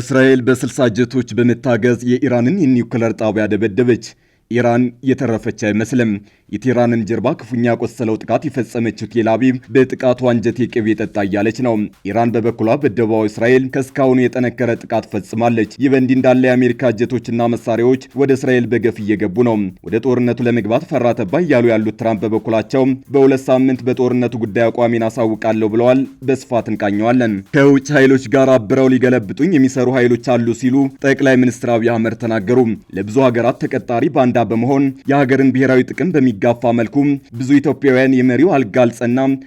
እስራኤል በስልሳ ጀቶች በመታገዝ የኢራንን የኒውክለር ጣቢያ ደበደበች። ኢራን የተረፈች አይመስልም። የቴህራንን ጀርባ ክፉኛ ቆሰለው ጥቃት የፈጸመችው ቴላቪቭ በጥቃቱ አንጀቴ ቅቤ ጠጣ እያለች ነው። ኢራን በበኩሏ በደቡባዊ እስራኤል ከእስካሁኑ የጠነከረ ጥቃት ፈጽማለች። ይህ በእንዲህ እንዳለ የአሜሪካ ጀቶችና መሳሪያዎች ወደ እስራኤል በገፍ እየገቡ ነው። ወደ ጦርነቱ ለመግባት ፈራተባ እያሉ ያሉት ትራምፕ በበኩላቸው በሁለት ሳምንት በጦርነቱ ጉዳይ አቋሜን አሳውቃለሁ ብለዋል። በስፋት እንቃኘዋለን። ከውጭ ኃይሎች ጋር አብረው ሊገለብጡኝ የሚሰሩ ኃይሎች አሉ ሲሉ ጠቅላይ ሚኒስትር አብይ አህመድ ተናገሩ። ለብዙ ሀገራት ተቀጣሪ ባንዳ በመሆን የሀገርን ብሔራዊ ጥቅም በሚ በሚጋፋ መልኩ ብዙ ኢትዮጵያውያን የመሪው አልጋ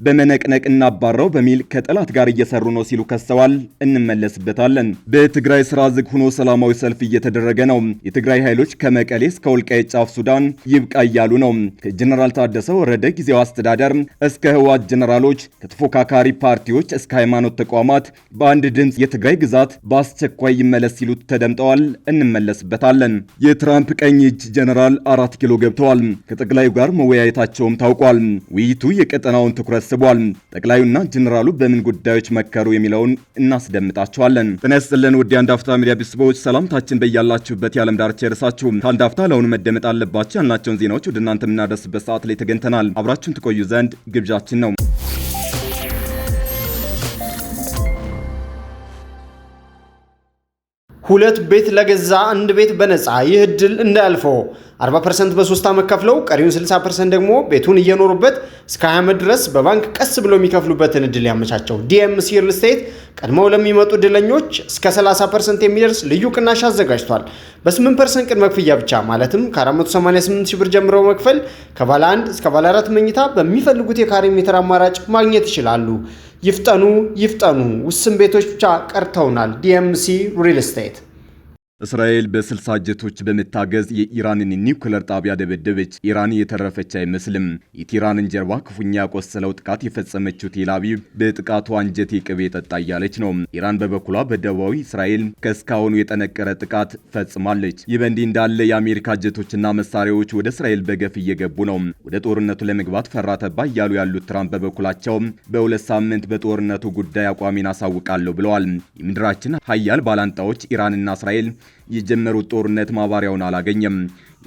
በመነቅነቅ እናባራው በሚል ከጠላት ጋር እየሰሩ ነው ሲሉ ከሰዋል። እንመለስበታለን። በትግራይ ስራ ዝግ ሆኖ ሰላማዊ ሰልፍ እየተደረገ ነው። የትግራይ ኃይሎች ከመቀሌ እስከ ወልቃይት ጫፍ ሱዳን ይብቃ እያሉ ነው። ከጀነራል ታደሰ ወረደ ጊዜው አስተዳደር እስከ ህወሓት ጀኔራሎች፣ ከተፎካካሪ ፓርቲዎች እስከ ሃይማኖት ተቋማት በአንድ ድምፅ የትግራይ ግዛት በአስቸኳይ ይመለስ ሲሉ ተደምጠዋል። እንመለስበታለን። የትራምፕ ቀኝ እጅ ጀነራል አራት ኪሎ ገብተዋል። ከጠቅላዩ ጋር ጋር መወያየታቸውም ታውቋል። ውይይቱ የቀጠናውን ትኩረት ስቧል። ጠቅላዩና ጀኔራሉ በምን ጉዳዮች መከሩ የሚለውን እናስደምጣቸዋለን። ጤና ይስጥልን ውድ አፍታ ሚዲያ ቤተሰቦች ሰላምታችን በያላችሁበት የዓለም ዳርቻ ይድረሳችሁ። ከአንድ አፍታ ለአሁኑ መደመጥ አለባቸው ያልናቸውን ዜናዎች ወደ እናንተ የምናደርስበት ሰዓት ላይ ተገኝተናል። አብራችሁን ትቆዩ ዘንድ ግብዣችን ነው። ሁለት ቤት ለገዛ አንድ ቤት በነፃ ይህ እድል እንዳያልፈው 40% በሶስት ዓመት ከፍለው ቀሪውን 60% ደግሞ ቤቱን እየኖሩበት እስከ 20 ዓመት ድረስ በባንክ ቀስ ብሎ የሚከፍሉበትን እድል ያመቻቸው ዲኤምሲ ሪል ስቴት ቀድመው ለሚመጡ እድለኞች እስከ 30% የሚደርስ ልዩ ቅናሽ አዘጋጅቷል። በ8% ቅድመ ክፍያ ብቻ ማለትም ከ488 ሺህ ብር ጀምሮ መክፈል ከባለ 1 እስከ ባለ 4 መኝታ በሚፈልጉት የካሬ ሜትር አማራጭ ማግኘት ይችላሉ። ይፍጠኑ ይፍጠኑ! ውስን ቤቶች ብቻ ቀርተውናል። ዲኤምሲ ሪል ስቴት እስራኤል በስልሳ ጀቶች በመታገዝ የኢራንን ኒውክለር ጣቢያ ደበደበች። ኢራን የተረፈች አይመስልም። የቴህራንን ጀርባ ክፉኛ ያቆሰለው ጥቃት የፈጸመችው ቴላቪቭ በጥቃቱ አንጀቴ ቅቤ ጠጣ እያለች ነው። ኢራን በበኩሏ በደቡባዊ እስራኤል ከእስካሁኑ የጠነቀረ ጥቃት ፈጽማለች። ይህ በእንዲህ እንዳለ የአሜሪካ ጀቶችና መሳሪያዎች ወደ እስራኤል በገፍ እየገቡ ነው። ወደ ጦርነቱ ለመግባት ፈራተባ እያሉ ያሉት ትራምፕ በበኩላቸው በሁለት ሳምንት በጦርነቱ ጉዳይ አቋሚን አሳውቃለሁ ብለዋል። የምድራችን ሀያል ባላንጣዎች ኢራንና እስራኤል የጀመሩት ጦርነት ማባሪያውን አላገኘም።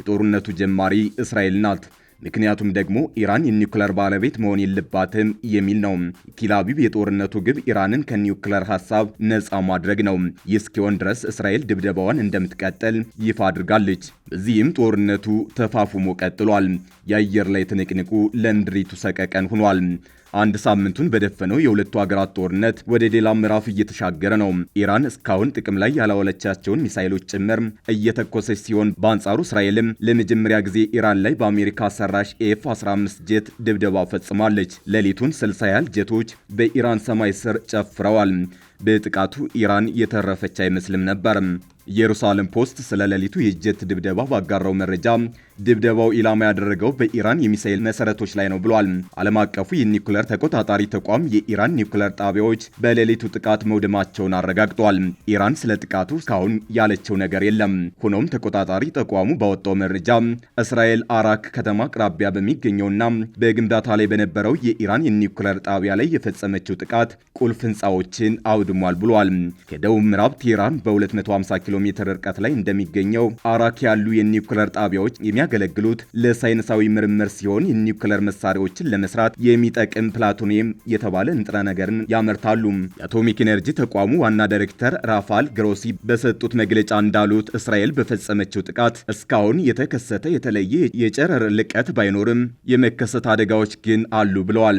የጦርነቱ ጀማሪ እስራኤል ናት። ምክንያቱም ደግሞ ኢራን የኒውክለር ባለቤት መሆን የለባትም የሚል ነው። ቴልአቪቭ የጦርነቱ ግብ ኢራንን ከኒውክለር ሀሳብ ነፃ ማድረግ ነው። ይህ እስኪሆን ድረስ እስራኤል ድብደባዋን እንደምትቀጥል ይፋ አድርጋለች። በዚህም ጦርነቱ ተፋፉሞ ቀጥሏል። የአየር ላይ ትንቅንቁ ለምድሪቱ ሰቀቀን ሆኗል። አንድ ሳምንቱን በደፈነው የሁለቱ ሀገራት ጦርነት ወደ ሌላ ምዕራፍ እየተሻገረ ነው። ኢራን እስካሁን ጥቅም ላይ ያላዋለቻቸውን ሚሳይሎች ጭምር እየተኮሰች ሲሆን፣ በአንጻሩ እስራኤልም ለመጀመሪያ ጊዜ ኢራን ላይ በአሜሪካ ሰራሽ ኤፍ 15 ጄት ድብደባ ፈጽማለች። ሌሊቱን 60 ያህል ጀቶች በኢራን ሰማይ ስር ጨፍረዋል። በጥቃቱ ኢራን የተረፈች አይመስልም ነበር። ኢየሩሳሌም ፖስት ስለ ሌሊቱ የጀት ድብደባ ባጋራው መረጃ ድብደባው ኢላማ ያደረገው በኢራን የሚሳኤል መሰረቶች ላይ ነው ብሏል። ዓለም አቀፉ የኒኩለር ተቆጣጣሪ ተቋም የኢራን ኒኩለር ጣቢያዎች በሌሊቱ ጥቃት መውደማቸውን አረጋግጧል። ኢራን ስለ ጥቃቱ እስካሁን ያለችው ነገር የለም። ሆኖም ተቆጣጣሪ ተቋሙ ባወጣው መረጃ እስራኤል አራክ ከተማ አቅራቢያ በሚገኘውና በግንባታ ላይ በነበረው የኢራን የኒኩለር ጣቢያ ላይ የፈጸመችው ጥቃት ቁልፍ ህንፃዎችን አውድሟል ብሏል። ከደቡብ ምዕራብ ቴህራን በ250 ኪሎ ሜትር ርቀት ላይ እንደሚገኘው አራክ ያሉ የኒውክለር ጣቢያዎች የሚያገለግሉት ለሳይንሳዊ ምርምር ሲሆን የኒውክለር መሳሪያዎችን ለመስራት የሚጠቅም ፕላቶኒየም የተባለ ንጥረ ነገርን ያመርታሉ። የአቶሚክ ኤነርጂ ተቋሙ ዋና ዳይሬክተር ራፋል ግሮሲ በሰጡት መግለጫ እንዳሉት እስራኤል በፈጸመችው ጥቃት እስካሁን የተከሰተ የተለየ የጨረር ልቀት ባይኖርም የመከሰት አደጋዎች ግን አሉ ብለዋል።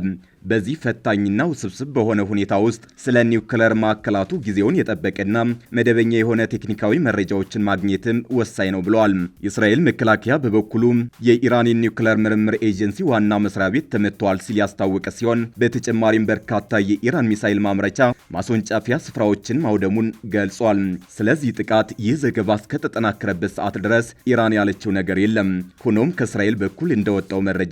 በዚህ ፈታኝና ውስብስብ በሆነ ሁኔታ ውስጥ ስለ ኒውክለር ማዕከላቱ ጊዜውን የጠበቀና መደበኛ የሆነ ቴክኒካዊ መረጃዎችን ማግኘትም ወሳኝ ነው ብለዋል። የእስራኤል መከላከያ በበኩሉ የኢራን የኒውክለር ምርምር ኤጀንሲ ዋና መስሪያ ቤት ተመትተዋል ሲል ያስታወቀ ሲሆን በተጨማሪም በርካታ የኢራን ሚሳይል ማምረቻ ማስወንጫፊያ ስፍራዎችን ማውደሙን ገልጿል። ስለዚህ ጥቃት ይህ ዘገባ እስከተጠናከረበት ሰዓት ድረስ ኢራን ያለችው ነገር የለም። ሆኖም ከእስራኤል በኩል እንደወጣው መረጃ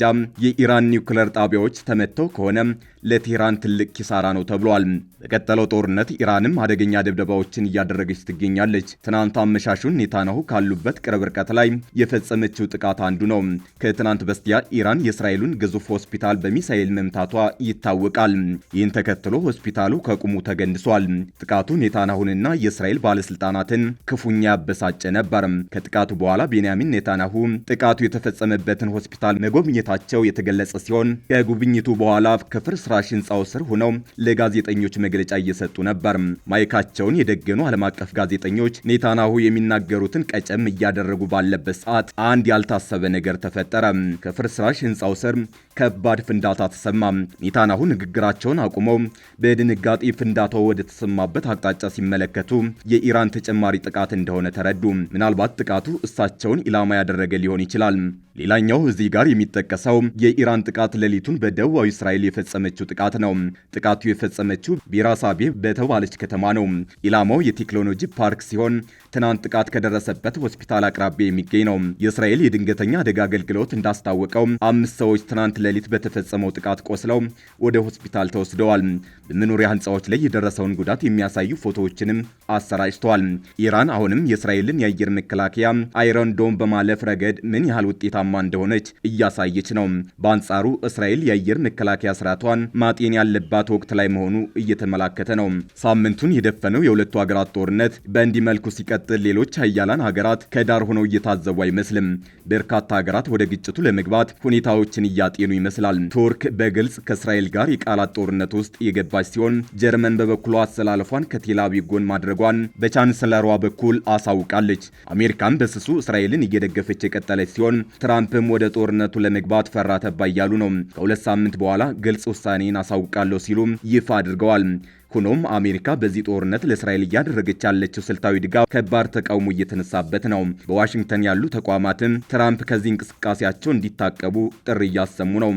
የኢራን ኒውክለር ጣቢያዎች ተመተው ከሆነ Um, ለቴህራን ትልቅ ኪሳራ ነው ተብሏል። በቀጠለው ጦርነት ኢራንም አደገኛ ድብደባዎችን እያደረገች ትገኛለች። ትናንት አመሻሹን ኔታናሁ ካሉበት ቅርብ ርቀት ላይ የፈጸመችው ጥቃት አንዱ ነው። ከትናንት በስቲያ ኢራን የእስራኤሉን ግዙፍ ሆስፒታል በሚሳኤል መምታቷ ይታወቃል። ይህን ተከትሎ ሆስፒታሉ ከቁሙ ተገንድሷል። ጥቃቱ ኔታናሁንና የእስራኤል ባለስልጣናትን ክፉኛ ያበሳጨ ነበር። ከጥቃቱ በኋላ ቤንያሚን ኔታናሁ ጥቃቱ የተፈጸመበትን ሆስፒታል መጎብኘታቸው የተገለጸ ሲሆን ከጉብኝቱ በኋላ ከፍርስራ ሰራሽ ህንፃው ስር ሆነው ለጋዜጠኞች መግለጫ እየሰጡ ነበር። ማይካቸውን የደገኑ ዓለም አቀፍ ጋዜጠኞች ኔታናሁ የሚናገሩትን ቀጨም እያደረጉ ባለበት ሰዓት አንድ ያልታሰበ ነገር ተፈጠረ። ከፍርስራሽ ህንፃው ስር ከባድ ፍንዳታ ተሰማ። ኔታናሁ ንግግራቸውን አቁመው በድንጋጤ ፍንዳታው ወደ ተሰማበት አቅጣጫ ሲመለከቱ የኢራን ተጨማሪ ጥቃት እንደሆነ ተረዱ። ምናልባት ጥቃቱ እሳቸውን ኢላማ ያደረገ ሊሆን ይችላል። ሌላኛው እዚህ ጋር የሚጠቀሰው የኢራን ጥቃት ሌሊቱን በደቡባዊ እስራኤል የፈጸመች ያደረሰችው ጥቃት ነው። ጥቃቱ የፈጸመችው ቢራሳቤ በተባለች ከተማ ነው። ኢላማው የቴክኖሎጂ ፓርክ ሲሆን ትናንት ጥቃት ከደረሰበት ሆስፒታል አቅራቢያ የሚገኝ ነው። የእስራኤል የድንገተኛ አደጋ አገልግሎት እንዳስታወቀው አምስት ሰዎች ትናንት ሌሊት በተፈጸመው ጥቃት ቆስለው ወደ ሆስፒታል ተወስደዋል። በመኖሪያ ህንፃዎች ላይ የደረሰውን ጉዳት የሚያሳዩ ፎቶዎችንም አሰራጭተዋል። ኢራን አሁንም የእስራኤልን የአየር መከላከያ አይረን ዶም በማለፍ ረገድ ምን ያህል ውጤታማ እንደሆነች እያሳየች ነው። በአንጻሩ እስራኤል የአየር መከላከያ ስርዓቷን ማጤን ያለባት ወቅት ላይ መሆኑ እየተመላከተ ነው። ሳምንቱን የደፈነው የሁለቱ ሀገራት ጦርነት በእንዲህ መልኩ ሲቀጥል ሌሎች ሀያላን ሀገራት ከዳር ሆነው እየታዘቡ አይመስልም። በርካታ ሀገራት ወደ ግጭቱ ለመግባት ሁኔታዎችን እያጤኑ ይመስላል። ቱርክ በግልጽ ከእስራኤል ጋር የቃላት ጦርነት ውስጥ የገባች ሲሆን ጀርመን በበኩሏ አሰላለፏን ከቴላቪቭ ጎን ማድረጓን በቻንሰለሯ በኩል አሳውቃለች። አሜሪካም በስሱ እስራኤልን እየደገፈች የቀጠለች ሲሆን ትራምፕም ወደ ጦርነቱ ለመግባት ፈራተባ እያሉ ነው። ከሁለት ሳምንት በኋላ ግልጽ ውሳኔ ውሳኔን አሳውቃለሁ ሲሉም ይፋ አድርገዋል። ሆኖም አሜሪካ በዚህ ጦርነት ለእስራኤል እያደረገች ያለችው ስልታዊ ድጋፍ ከባድ ተቃውሞ እየተነሳበት ነው። በዋሽንግተን ያሉ ተቋማትም ትራምፕ ከዚህ እንቅስቃሴያቸው እንዲታቀቡ ጥሪ እያሰሙ ነው።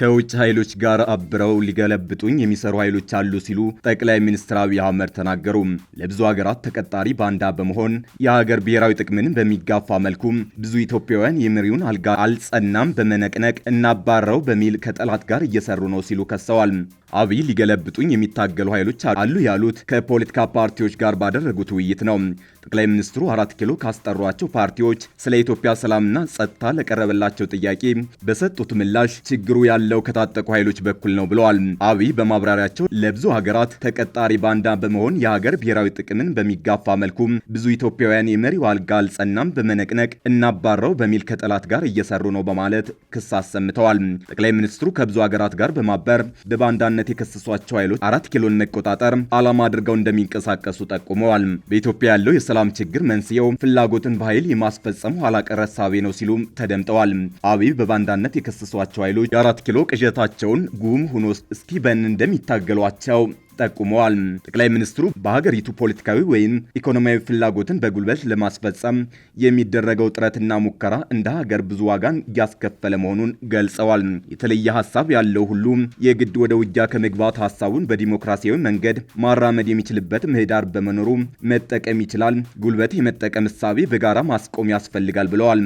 ከውጭ ኃይሎች ጋር አብረው ሊገለብጡኝ የሚሰሩ ኃይሎች አሉ ሲሉ ጠቅላይ ሚኒስትር አብይ አህመድ ተናገሩ። ለብዙ ሀገራት ተቀጣሪ ባንዳ በመሆን የሀገር ብሔራዊ ጥቅምን በሚጋፋ መልኩ ብዙ ኢትዮጵያውያን የመሪውን አልጋ አልጸናም በመነቅነቅ እናባረው በሚል ከጠላት ጋር እየሰሩ ነው ሲሉ ከሰዋል። አብይ ሊገለብጡኝ የሚታገሉ ኃይሎች አሉ ያሉት ከፖለቲካ ፓርቲዎች ጋር ባደረጉት ውይይት ነው። ጠቅላይ ሚኒስትሩ አራት ኪሎ ካስጠሯቸው ፓርቲዎች ስለ ኢትዮጵያ ሰላምና ጸጥታ ለቀረበላቸው ጥያቄ በሰጡት ምላሽ ችግሩ ያለ ያለው ከታጠቁ ኃይሎች በኩል ነው ብለዋል። አብይ በማብራሪያቸው ለብዙ ሀገራት ተቀጣሪ ባንዳ በመሆን የሀገር ብሔራዊ ጥቅምን በሚጋፋ መልኩ ብዙ ኢትዮጵያውያን የመሪው አልጋ አልጸናም በመነቅነቅ እናባረው በሚል ከጠላት ጋር እየሰሩ ነው በማለት ክስ አሰምተዋል። ጠቅላይ ሚኒስትሩ ከብዙ ሀገራት ጋር በማበር በባንዳነት የከሰሷቸው ኃይሎች አራት ኪሎን መቆጣጠር ዓላማ አድርገው እንደሚንቀሳቀሱ ጠቁመዋል። በኢትዮጵያ ያለው የሰላም ችግር መንስኤው ፍላጎትን በኃይል የማስፈጸሙ ኋላቀር እሳቤ ነው ሲሉ ተደምጠዋል። አብይ በባንዳነት የከሰሷቸው ኃይሎች የአራት ኪሎ ቅዠታቸውን ጉም ሆኖ እስኪበን እንደሚታገሏቸው ጠቁመዋል። ጠቅላይ ሚኒስትሩ በሀገሪቱ ፖለቲካዊ ወይም ኢኮኖሚያዊ ፍላጎትን በጉልበት ለማስፈጸም የሚደረገው ጥረትና ሙከራ እንደ ሀገር ብዙ ዋጋን እያስከፈለ መሆኑን ገልጸዋል። የተለየ ሀሳብ ያለው ሁሉ የግድ ወደ ውጊያ ከመግባት ሀሳቡን በዲሞክራሲያዊ መንገድ ማራመድ የሚችልበት ምህዳር በመኖሩ መጠቀም ይችላል። ጉልበት የመጠቀም እሳቤ በጋራ ማስቆም ያስፈልጋል ብለዋል።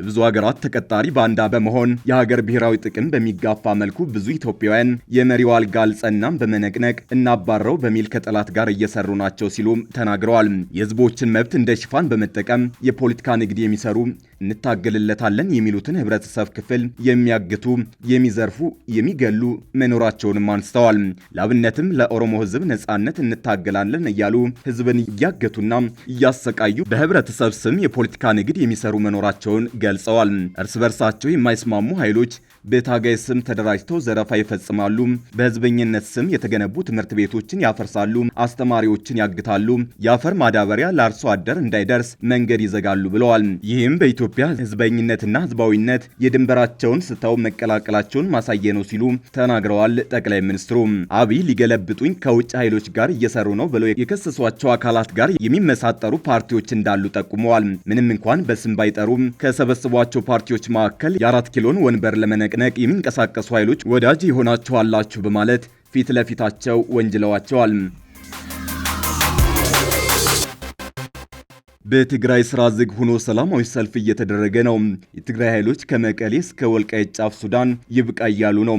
ለብዙ ሀገራት ተቀጣሪ ባንዳ በመሆን የሀገር ብሔራዊ ጥቅም በሚጋፋ መልኩ ብዙ ኢትዮጵያውያን የመሪው አልጋ አልጸናም በመነቅነቅ እናባረው በሚል ከጠላት ጋር እየሰሩ ናቸው ሲሉም ተናግረዋል። የህዝቦችን መብት እንደ ሽፋን በመጠቀም የፖለቲካ ንግድ የሚሰሩ እንታገልለታለን የሚሉትን ህብረተሰብ ክፍል የሚያግቱ፣ የሚዘርፉ፣ የሚገሉ መኖራቸውንም አንስተዋል። ለአብነትም ለኦሮሞ ህዝብ ነጻነት እንታገላለን እያሉ ህዝብን እያገቱና እያሰቃዩ በህብረተሰብ ስም የፖለቲካ ንግድ የሚሰሩ መኖራቸውን ገልጸዋል። እርስ በርሳቸው የማይስማሙ ኃይሎች በታጋይ ስም ተደራጅተው ዘረፋ ይፈጽማሉ። በህዝበኝነት ስም የተገነቡ ትምህርት ቤቶችን ያፈርሳሉ፣ አስተማሪዎችን ያግታሉ፣ የአፈር ማዳበሪያ ለአርሶ አደር እንዳይደርስ መንገድ ይዘጋሉ ብለዋል። ይህም በኢትዮጵያ ህዝበኝነትና ህዝባዊነት የድንበራቸውን ስተው መቀላቀላቸውን ማሳየ ነው ሲሉ ተናግረዋል። ጠቅላይ ሚኒስትሩ አብይ ሊገለብጡኝ ከውጭ ኃይሎች ጋር እየሰሩ ነው ብለው የከሰሷቸው አካላት ጋር የሚመሳጠሩ ፓርቲዎች እንዳሉ ጠቁመዋል። ምንም እንኳን በስም ባይጠሩም ከሰበስቧቸው ፓርቲዎች መካከል የአራት ኪሎን ወንበር ለመነ በመነቅነቅ የሚንቀሳቀሱ ኃይሎች ወዳጅ ይሆናችኋላችሁ በማለት ፊት ለፊታቸው ወንጅለዋቸዋል። በትግራይ ስራ ዝግ ሆኖ ሰላማዊ ሰልፍ እየተደረገ ነው። የትግራይ ኃይሎች ከመቀሌ እስከ ወልቃይት ጫፍ ሱዳን ይብቃ እያሉ ነው።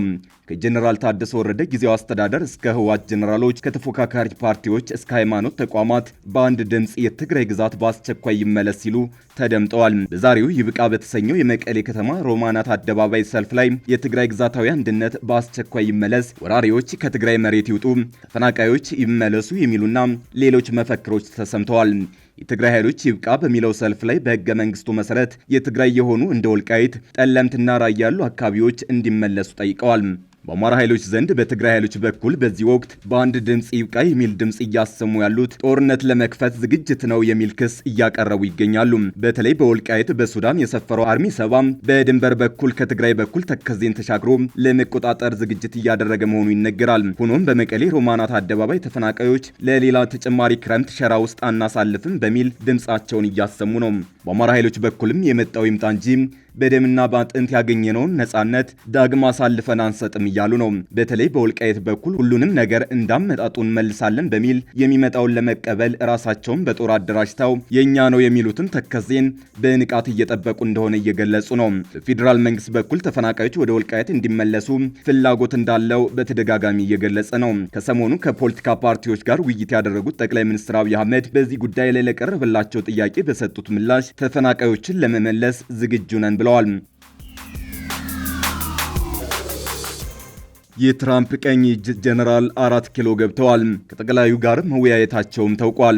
ከጀኔራል ታደሰ ወረደ ጊዜው አስተዳደር እስከ ህወሓት ጀኔራሎች፣ ከተፎካካሪ ፓርቲዎች እስከ ሃይማኖት ተቋማት በአንድ ድምፅ የትግራይ ግዛት በአስቸኳይ ይመለስ ሲሉ ተደምጠዋል። በዛሬው ይብቃ በተሰኘው የመቀሌ ከተማ ሮማናት አደባባይ ሰልፍ ላይ የትግራይ ግዛታዊ አንድነት በአስቸኳይ ይመለስ፣ ወራሪዎች ከትግራይ መሬት ይውጡ፣ ተፈናቃዮች ይመለሱ የሚሉና ሌሎች መፈክሮች ተሰምተዋል። የትግራይ ኃይሎች ይብቃ በሚለው ሰልፍ ላይ በህገ መንግስቱ መሰረት የትግራይ የሆኑ እንደ ወልቃይት፣ ጠለምትና ራያ ያሉ አካባቢዎች እንዲመለሱ ጠይቀዋል። በአማራ ኃይሎች ዘንድ በትግራይ ኃይሎች በኩል በዚህ ወቅት በአንድ ድምፅ ይብቃ የሚል ድምፅ እያሰሙ ያሉት ጦርነት ለመክፈት ዝግጅት ነው የሚል ክስ እያቀረቡ ይገኛሉ። በተለይ በወልቃይት በሱዳን የሰፈረው አርሚ ሰባ በድንበር በኩል ከትግራይ በኩል ተከዜን ተሻግሮ ለመቆጣጠር ዝግጅት እያደረገ መሆኑ ይነገራል። ሆኖም በመቀሌ ሮማናት አደባባይ ተፈናቃዮች ለሌላ ተጨማሪ ክረምት ሸራ ውስጥ አናሳልፍም በሚል ድምፃቸውን እያሰሙ ነው። በአማራ ኃይሎች በኩልም የመጣው ይምጣ እንጂ በደምና በአጥንት ያገኘነውን ነጻነት ዳግም አሳልፈን አንሰጥም እያሉ ነው። በተለይ በወልቃየት በኩል ሁሉንም ነገር እንዳመጣጡ እንመልሳለን በሚል የሚመጣውን ለመቀበል ራሳቸውን በጦር አደራጅተው የእኛ ነው የሚሉትን ተከዜን በንቃት እየጠበቁ እንደሆነ እየገለጹ ነው። በፌዴራል መንግስት በኩል ተፈናቃዮች ወደ ወልቃየት እንዲመለሱ ፍላጎት እንዳለው በተደጋጋሚ እየገለጸ ነው። ከሰሞኑ ከፖለቲካ ፓርቲዎች ጋር ውይይት ያደረጉት ጠቅላይ ሚኒስትር አብይ አህመድ በዚህ ጉዳይ ላይ ለቀረበላቸው ጥያቄ በሰጡት ምላሽ ተፈናቃዮችን ለመመለስ ዝግጁ ነን ብለዋል። ብለዋል። የትራምፕ ቀኝ እጅ ጀነራል አራት ኪሎ ገብተዋል። ከጠቅላዩ ጋር መወያየታቸውም ታውቋል።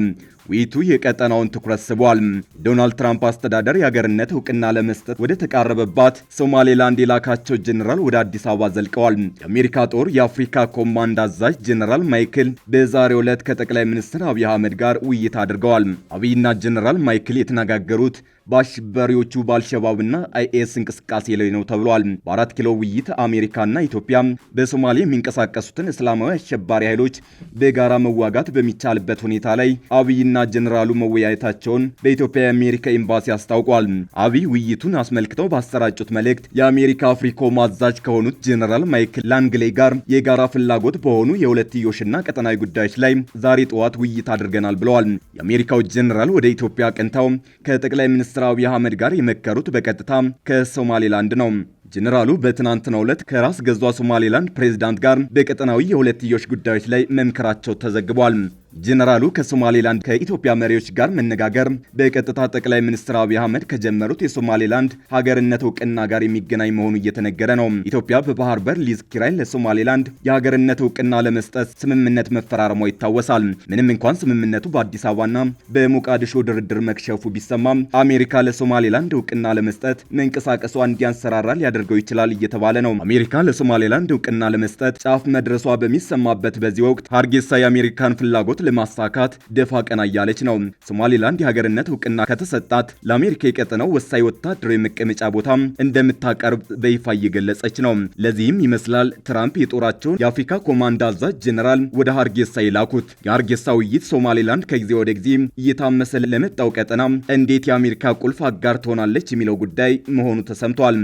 ውይይቱ የቀጠናውን ትኩረት ስቧል። ዶናልድ ትራምፕ አስተዳደር የአገርነት እውቅና ለመስጠት ወደ ተቃረበባት ሶማሌላንድ የላካቸው ጀኔራል ወደ አዲስ አበባ ዘልቀዋል። የአሜሪካ ጦር የአፍሪካ ኮማንድ አዛዥ ጀኔራል ማይክል በዛሬው ዕለት ከጠቅላይ ሚኒስትር አብይ አህመድ ጋር ውይይት አድርገዋል። አብይና ጀኔራል ማይክል የተነጋገሩት በአሸባሪዎቹ በአልሸባብና አይኤስ እንቅስቃሴ ላይ ነው ተብሏል። በአራት ኪሎ ውይይት አሜሪካና ኢትዮጵያ በሶማሌ የሚንቀሳቀሱትን እስላማዊ አሸባሪ ኃይሎች በጋራ መዋጋት በሚቻልበት ሁኔታ ላይ አብይና አብይና ጀኔራሉ መወያየታቸውን በኢትዮጵያ የአሜሪካ ኤምባሲ አስታውቋል። አብይ ውይይቱን አስመልክተው ባሰራጩት መልእክት የአሜሪካ አፍሪኮ አዛዥ ከሆኑት ጀኔራል ማይክል ላንግሌ ጋር የጋራ ፍላጎት በሆኑ የሁለትዮሽና ቀጠናዊ ጉዳዮች ላይ ዛሬ ጠዋት ውይይት አድርገናል ብለዋል። የአሜሪካው ጀኔራል ወደ ኢትዮጵያ አቅንተው ከጠቅላይ ሚኒስትር አብይ አህመድ ጋር የመከሩት በቀጥታ ከሶማሌላንድ ነው። ጀኔራሉ በትናንትናው ዕለት ከራስ ገዟ ሶማሌላንድ ፕሬዚዳንት ጋር በቀጠናዊ የሁለትዮሽ ጉዳዮች ላይ መምከራቸው ተዘግቧል። ጀነራሉ ከሶማሌላንድ ከኢትዮጵያ መሪዎች ጋር መነጋገር በቀጥታ ጠቅላይ ሚኒስትር አብይ አህመድ ከጀመሩት የሶማሌላንድ ሀገርነት እውቅና ጋር የሚገናኝ መሆኑ እየተነገረ ነው። ኢትዮጵያ በባህር በር ሊዝ ኪራይ ለሶማሌላንድ የሀገርነት እውቅና ለመስጠት ስምምነት መፈራረሟ ይታወሳል። ምንም እንኳን ስምምነቱ በአዲስ አበባና በሞቃዲሾ ድርድር መክሸፉ ቢሰማም አሜሪካ ለሶማሌላንድ እውቅና ለመስጠት መንቀሳቀሷ እንዲያንሰራራ ሊያደርገው ይችላል እየተባለ ነው። አሜሪካ ለሶማሌላንድ እውቅና ለመስጠት ጫፍ መድረሷ በሚሰማበት በዚህ ወቅት ሀርጌሳ የአሜሪካን ፍላጎት ለማሳካት ደፋ ቀና እያለች ነው። ሶማሊላንድ የሀገርነት እውቅና ከተሰጣት ለአሜሪካ የቀጠነው ወሳኝ ወታደራዊ መቀመጫ ቦታ እንደምታቀርብ በይፋ እየገለጸች ነው። ለዚህም ይመስላል ትራምፕ የጦራቸውን የአፍሪካ ኮማንድ አዛዥ ጀኔራል ወደ ሀርጌሳ ይላኩት። የሀርጌሳ ውይይት ሶማሊላንድ ከጊዜ ወደ ጊዜ እየታመሰ ለመጣው ቀጠና እንዴት የአሜሪካ ቁልፍ አጋር ትሆናለች የሚለው ጉዳይ መሆኑ ተሰምቷል።